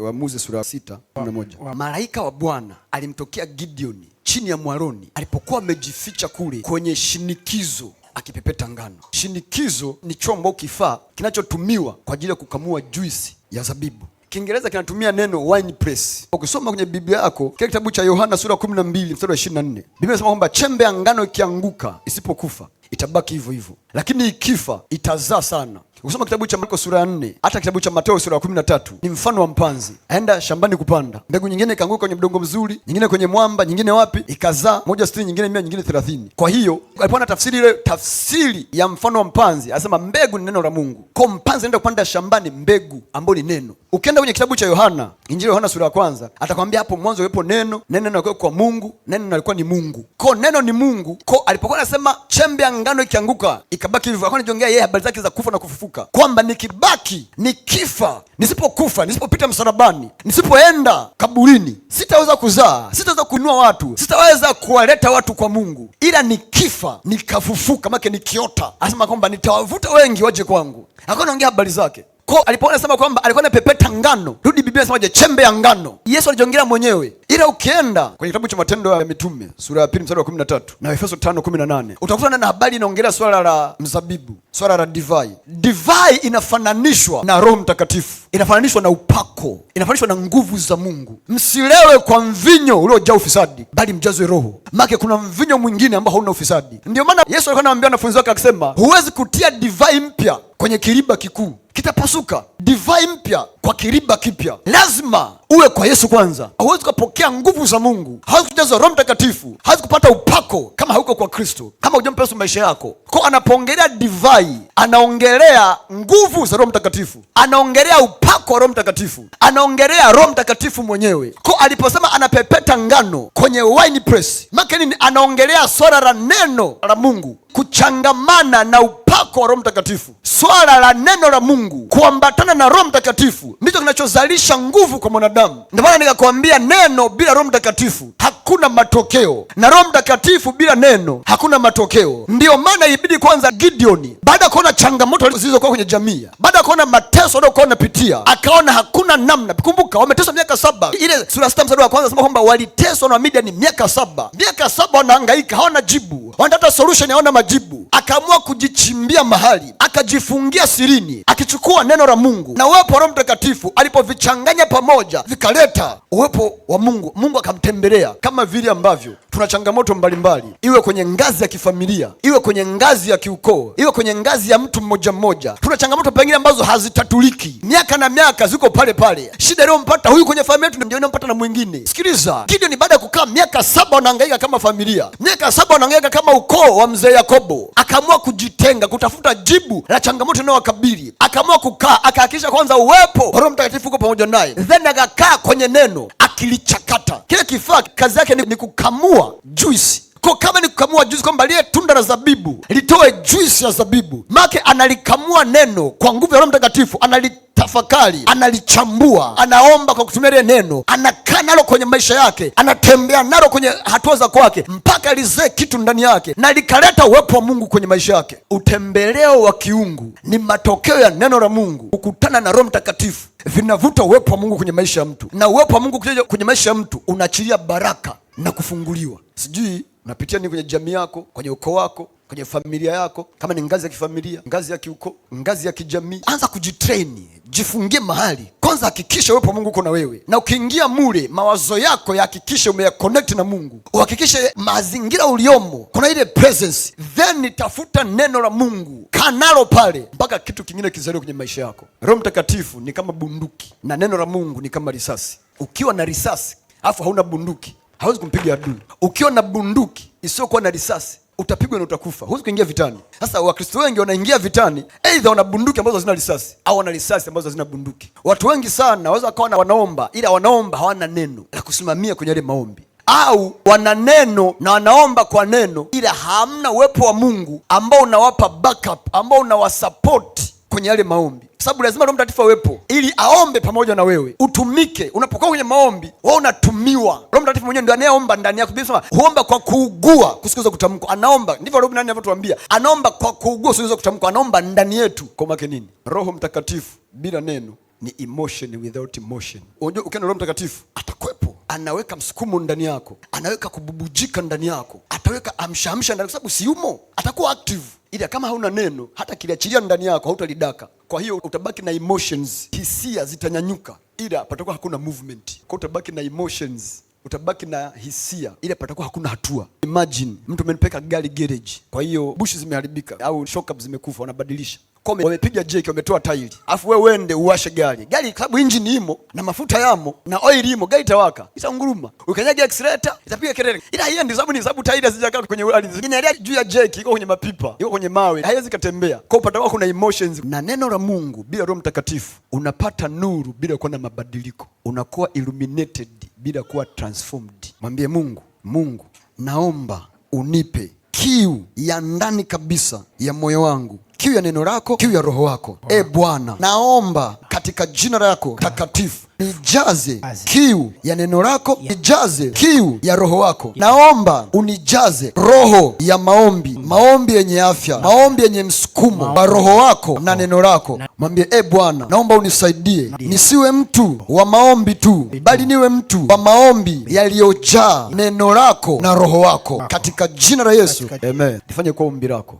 Waamuzi sura sita kumi na moja. Malaika wa Bwana alimtokea Gideoni chini ya mwaroni alipokuwa amejificha kule kwenye shinikizo akipepeta ngano. Shinikizo ni chombo au kifaa kinachotumiwa kwa ajili ya kukamua juisi ya zabibu. Kiingereza kinatumia neno wine press. Ukisoma kwenye Biblia yako kile kitabu cha Yohana sura 12 mstari wa 24, Biblia inasema kwamba chembe ya ngano ikianguka isipokufa itabaki hivyo hivyo, lakini ikifa itazaa sana. Ukisoma kitabu cha Marko sura ya nne hata kitabu cha Mateo sura ya kumi na tatu ni mfano wa mpanzi aenda shambani kupanda mbegu, nyingine ikaanguka kwenye mdongo mzuri, nyingine kwenye mwamba, nyingine wapi, ikazaa moja sitini, nyingine mia, nyingine thelathini. Kwa hiyo alipokuwa na tafsiri ile tafsiri ya mfano wa mpanzi anasema mbegu ni neno la Mungu. Kwa mpanzi anaenda kupanda shambani mbegu ambayo ni neno. Ukienda kwenye kitabu cha Yohana, injili Yohana sura ya kwanza, atakwambia hapo mwanzo ulipo neno, neno lilikuwa kwa Mungu, neno lilikuwa ni Mungu. Kwa neno ni Mungu. Kwa alipokuwa anasema chembe ya ngano ikianguka ikabaki hivyo, akawa anajiongea yeye habari zake za kufa na kufufuka kuanguka, kwamba nikibaki, nikifa, nisipokufa, nisipopita msalabani, nisipoenda kaburini, sitaweza kuzaa, sitaweza kuinua watu, sitaweza kuwaleta watu kwa Mungu, ila nikifa nikafufuka, make nikiota, asema kwamba nitawavuta wengi waje kwangu. Akawa naongea habari zake Ko alipoona sema kwamba alikuwa anapepeta ngano, rudi Biblia inasema je, chembe ya ngano. Yesu alijongera mwenyewe, ila ukienda kwenye kitabu cha Matendo ya Mitume sura ya pili mstari wa 13 na Efeso 5:18 utakuta na habari inaongelea swala la mzabibu, swala la divai. Divai inafananishwa na Roho Mtakatifu, inafananishwa na upako, inafananishwa na nguvu za Mungu. Msilewe kwa mvinyo uliojaa ufisadi, bali mjazwe Roho. Maana kuna mvinyo mwingine ambao hauna ufisadi. Ndio maana Yesu alikuwa anawaambia wanafunzi wake akisema, huwezi kutia divai mpya kwenye kiriba kikuu kitapasuka divai mpya kwa kiriba kipya, lazima uwe kwa Yesu kwanza. Hauwezi kupokea nguvu za Mungu, hawezi Roho Mtakatifu, hawezi kupata upako kama hauko kwa Kristo, kama hujampa Yesu maisha yako. Kwa anapoongelea divai, anaongelea nguvu za Roho Mtakatifu, anaongelea upako wa Roho Mtakatifu, anaongelea Roho Mtakatifu mwenyewe. Kwa aliposema anapepeta ngano kwenye wine press, maana nini? Anaongelea swala la neno la Mungu kuchangamana na upako wa Roho Mtakatifu, swala la neno la Mungu kuambatana kuungana na Roho Mtakatifu ndicho kinachozalisha nguvu kwa mwanadamu. Ndio maana nikakwambia neno bila Roho Mtakatifu hakuna matokeo, na Roho Mtakatifu bila neno hakuna matokeo. Ndiyo maana ibidi kwanza Gideoni, baada ya kuona changamoto zilizokuwa kwenye jamii, baada ya kuona mateso aliyokuwa wanapitia akaona hakuna namna. Kumbuka wameteswa miaka saba, ile sura sita mstari wa kwanza sema kwamba waliteswa na Wamidiani miaka saba, miaka saba wanahangaika, hawana jibu, wanatafuta solution, hawana majibu. Akaamua kujichimbia mahali, akajifungia sirini, akichukua neno la Mungu Mungu na uwepo wa Roho Mtakatifu alipovichanganya pamoja, vikaleta uwepo wa Mungu. Mungu akamtembelea kama vile ambavyo tuna changamoto mbalimbali, iwe kwenye ngazi ya kifamilia, iwe kwenye ngazi ya kiukoo, iwe kwenye ngazi ya mtu mmoja mmoja. Tuna changamoto pengine ambazo hazitatuliki, miaka na miaka ziko pale pale. Shida iliyompata huyu kwenye familia yetu ndio inampata na mwingine. Sikiliza, ni baada ya kukaa miaka saba wanahangaika kama familia, miaka saba wanahangaika kama ukoo wa mzee Yakobo, akaamua kujitenga kutafuta jibu la changamoto inayowakabili. Akaamua kukaa, akahakikisha kwanza uwepo wa Roho Mtakatifu uko pamoja naye, then akakaa kwenye neno akilichakata. Kile kifaa kazi yake ni, ni kukamua kukamua juisi kwa kama ni kukamua juisi, kwamba liye tunda la zabibu litoe juisi ya zabibu, make analikamua neno kwa nguvu ya Roho Mtakatifu, tafakari analichambua, anaomba kwa kutumia ile neno, anakaa nalo kwenye maisha yake, anatembea nalo kwenye hatua za kwake, mpaka lizee kitu ndani yake na likaleta uwepo wa Mungu kwenye maisha yake. Utembeleo wa kiungu ni matokeo ya neno la Mungu kukutana na Roho Mtakatifu, vinavuta uwepo wa Mungu kwenye maisha ya mtu, na uwepo wa Mungu kwenye maisha ya mtu unaachilia baraka na kufunguliwa. Sijui unapitia nini kwenye jamii yako, kwenye ukoo wako, kwenye familia yako, kama ni ngazi ya kifamilia, ngazi ya kiukoo, ngazi ya kijamii. Anza kujitrain, jifungie mahali kwanza, hakikisha uwepo Mungu uko na wewe, na ukiingia mule mawazo yako yahakikishe umeyaconnect na Mungu, uhakikishe mazingira uliomo kuna ile presence, then tafuta neno la Mungu, kanalo pale mpaka kitu kingine kizaliwe kwenye maisha yako. Roho Mtakatifu ni kama bunduki na neno la Mungu ni kama risasi. Ukiwa na risasi afu hauna bunduki hawezi kumpiga adui. Ukiwa na bunduki isiyokuwa na risasi utapigwa na utakufa, huwezi kuingia vitani. Sasa Wakristo wengi wanaingia vitani, aidha wana bunduki ambazo hazina risasi au wana risasi ambazo hazina bunduki. Watu wengi sana waweza wakawa na wanaomba, ila wanaomba hawana neno la kusimamia kwenye yale maombi, au wana neno na wanaomba kwa neno, ila hamna uwepo wa Mungu ambao unawapa backup, ambao unawasapoti kwenye yale maombi sababu lazima Roho Mtakatifu awepo ili aombe pamoja na wewe, utumike. Unapokuwa kwenye maombi, wewe unatumiwa. Roho Mtakatifu mwenyewe ndio anayeomba ndani yako. Biblia inasema huomba kwa kuugua, kusikiliza kutamkwa. Anaomba ndivyo Roho nani anavyotuambia, anaomba kwa kuugua, kusikiliza kutamko, anaomba ndani yetu. Kwa maana nini? Roho Mtakatifu bila neno ni emotion without motion. Unajua ukiona Roho Mtakatifu atakwepo anaweka msukumo ndani yako, anaweka kububujika ndani yako, ataweka amshaamsha ndani, kwa sababu si umo, atakuwa active. Ila kama hauna neno, hata kiliachilia ndani yako hautalidaka. Kwa hiyo utabaki na emotions, hisia zitanyanyuka, ila patakuwa hakuna movement. Kwa utabaki na emotions utabaki na hisia ila patakuwa hakuna hatua. Imagine mtu amenipeka gari garage, kwa hiyo bushi zimeharibika au shock up zimekufa, wanabadilisha Kome wamepiga jeki, wametoa tairi, afu wewe wende uwashe gari gari, sababu injini imo na mafuta yamo na oil imo, gari itawaka, itanguruma. Ukanyaga accelerator itapiga kelele, ila hiyo ndio sababu ni sababu tairi hazijakaa kwenye ardhi, nyingine ile juu ya jeki iko kwenye mapipa, iko kwenye mawe, haiwezi katembea. Kwa upande wako kuna emotions na neno la Mungu. Bila Roho Mtakatifu unapata nuru, bila kuwa na mabadiliko unakuwa illuminated, bila kuwa transformed. Mwambie Mungu, Mungu naomba unipe kiu ya ndani kabisa ya moyo wangu kiu ya neno lako, kiu ya roho wako. E Bwana, naomba katika jina lako takatifu nijaze kiu ya neno lako, nijaze kiu ya roho wako. Naomba unijaze roho ya maombi, maombi yenye afya, maombi yenye msukumo wa roho wako na neno lako. Mwambie, e Bwana, naomba unisaidie nisiwe mtu wa maombi tu, bali niwe mtu wa maombi yaliyojaa neno lako na roho wako, katika jina la Yesu, amen. Nifanye kwa ombi lako.